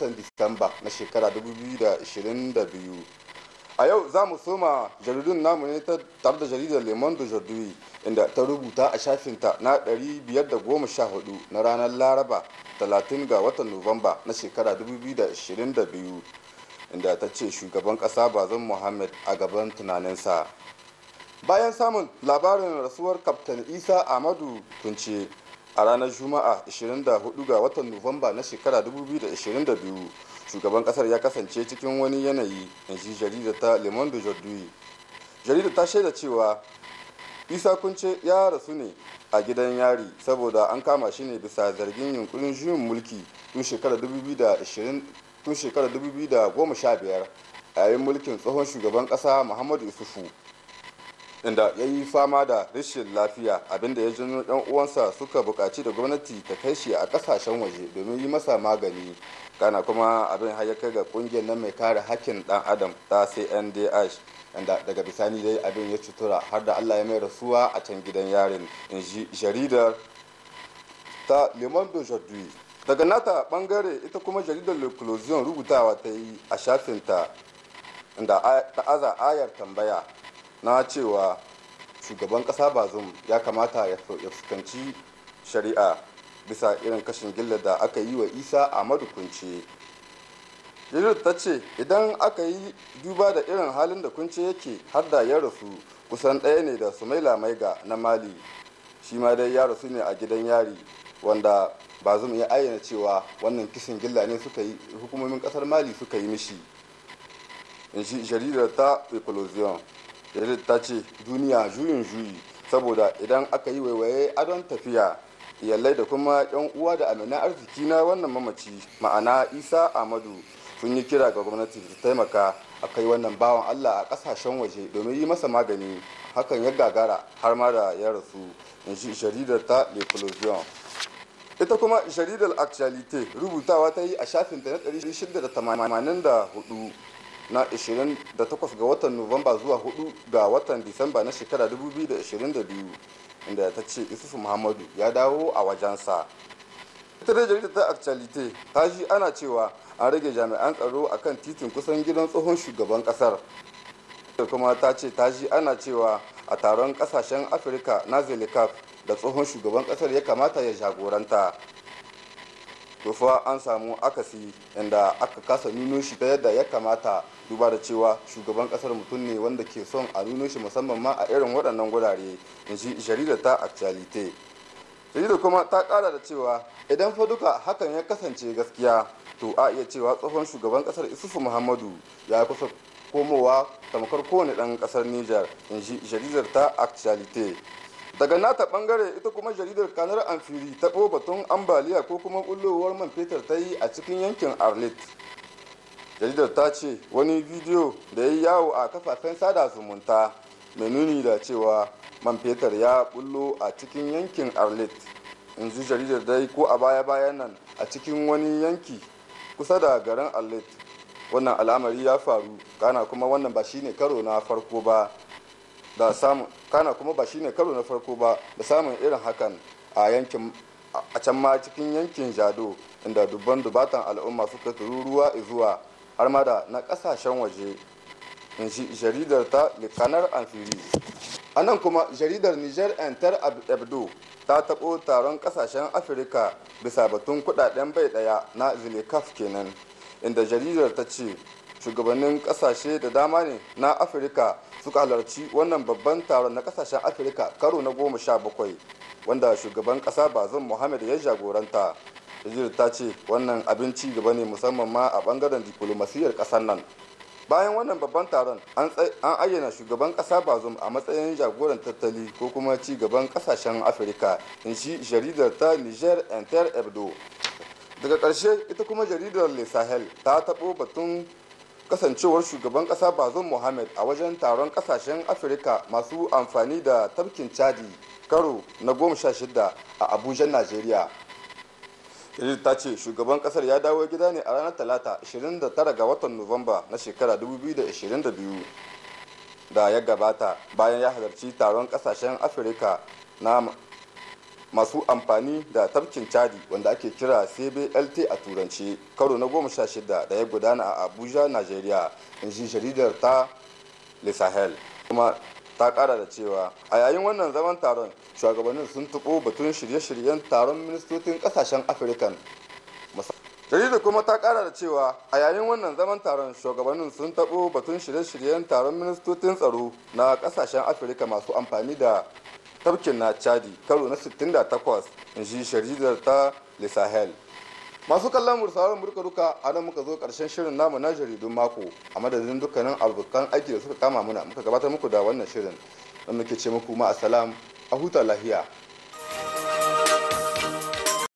watan disamba na shekara 2022 a yau za mu soma jaridun namu ne tare da jaridar le monde aujourd'hui inda ta rubuta a shafinta na 514 na ranar laraba 30 ga watan nuwamba na shekara 2022 inda ta ce shugaban kasa zan muhammad a gaban tunaninsa bayan samun labarin rasuwar kaftan isa amadu tunce a ranar juma'a 24 ga watan nuwamba na shekara 2022 shugaban kasar ya kasance cikin wani yanayi in ji jarida ta le monde jarida ta shaida cewa isa kunce ya rasu ne a gidan yari saboda an kama shi ne bisa zargin yunkurin juyin mulki tun shekarar 2015 a yayin mulkin tsohon shugaban kasa muhammadu isufu inda ya yi fama da rashin lafiya abinda ya janyo yan uwansa suka bukaci da gwamnati ta kai shi a kasashen waje domin yi masa magani kana kuma abin har kai ga kungiyar nan mai kare hakkin dan adam ta cndh inda daga bisani dai abin ya cutura har da allah ya mai rasuwa a can gidan yarin in ji jaridar ta le monde daga nata bangare ita kuma jaridar le rubutawa ta yi a shafinta inda ta aza ayar tambaya na cewa shugaban kasa bazum ya kamata ya fuskanci shari'a bisa irin kashin gilla da aka yi wa isa amadu kunce jirir ta ce idan aka yi duba da irin halin da kunce yake har da ya rasu kusan ɗaya ne da sumaila maiga na mali shi ma dai ya rasu ne a gidan yari wanda bazum ya ayyana cewa wannan kisan gilla ne suka yi hukumomin ƙasar mali suka yi mishi in shi jaridar ta ecolosion ta ce duniya juyin juyi saboda idan aka yi waiwaye adon tafiya iyalai da kuma yan uwa da amina arziki na wannan mamaci ma'ana isa amadu sun yi kira ga gwamnati ta taimaka a kai wannan bawan allah a kasashen waje domin yi masa magani hakan ya gagara har ma da ya rasu in shi jaridar ta le ita kuma jaridar actualite rubutawa ta yi a shafinta na 684 na 28 ga watan Nuwamba zuwa 4 ga watan Disamba na shekara 2022 inda ta ce Isufu Muhammadu ya dawo a wajensa. Ita da jaridar ta Actualite ta ji ana cewa an rage jami'an tsaro a kan titin kusan gidan tsohon shugaban kasar. kuma ta ce ta ji ana cewa a taron kasashen Afirka na Zelikaf da tsohon shugaban kasar ya kamata ya jagoranta. to fa an samu akasi inda aka kasa nuno shi ta yadda ya kamata duba da cewa shugaban kasar mutum ne wanda ke son a nuno shi musamman ma a irin waɗannan gurare in ji jaridar ta actualite jaridar kuma ta kara da cewa idan fa duka hakan ya kasance gaskiya to a iya cewa tsohon shugaban kasar isufu muhammadu ya kusa komowa tamkar kowane ɗan ƙasar niger in ji jaridar ta actualite daga nata bangare ita kuma jaridar kanar amfiri ta batun ambaliya ko kuma bullowar man fetur ta yi a cikin yankin arlit jaridar ta ce wani bidiyo da ya yi yawo a kafafen sada zumunta mai nuni da cewa man fetur ya bullo a cikin yankin in ji jaridar dai ko a baya-bayan nan a cikin wani yanki kusa da garin arlit wannan al'amari ya faru kana kuma wannan ba shine karo na farko ba da samun kana kuma ba shine karo na farko ba da samun irin hakan a yankin a can ma cikin yankin jado inda dubban dubatan al'umma suka tururuwa zuwa har ma da na kasashen waje in shi jaridar ta likanar amfiri a kuma jaridar niger enter abdo ta taɓo taron kasashen afirka bisa batun kudaden bai daya na zilikaf kenan inda jaridar ta ce shugabannin kasashe da dama ne na afirka suka halarci wannan babban taron na kasashen afirka karo na goma sha bakwai wanda shugaban kasa bazin muhammad ya jagoranta egypt ta ce wannan abin ci gaba ne musamman ma a bangaren diplomasiyar kasar nan bayan wannan babban taron an ayyana shugaban kasa bazum a matsayin jagoran tattali ko kuma ci gaban kasashen afirka in shi jaridar ta niger enter ebdo daga ƙarshe ita kuma jaridar le sahel ta taɓo batun kasancewar shugaban kasa bazon mohammed a wajen taron kasashen afirka masu amfani da tafkin chadi karo na goma sha shida a abuja nigeria. Kirill ta ce shugaban kasar ya dawo gida ne a ranar talata 29 ga watan nuwamba na shekara 2022 da ya gabata bayan ya halarci taron kasashen afirka na masu amfani da tafkin chadi wanda ake kira cblt a turanci karo na goma sha shida da ya gudana a abuja nigeria in ji jaridar ta le sahel kuma ta kara da cewa a yayin wannan zaman taron shugabannin sun tuɓo batun shirye-shiryen taron ministocin kasashen afirkan jarida kuma ta kara da cewa a yayin wannan zaman taron shugabannin sun taɓo batun shirye-shiryen taron ministocin tsaro na kasashen afirka masu amfani da tafkin na chadi karo na 68 in ji sharidar ta lisahel masu kallon mursarar murka duka a nan muka zo karshen shirin namu na jaridun mako a madadin dukkanin abokan aiki da suka kama muna muka gabatar muku da wannan shirin da muke ce muku ma asalam a huta lahiya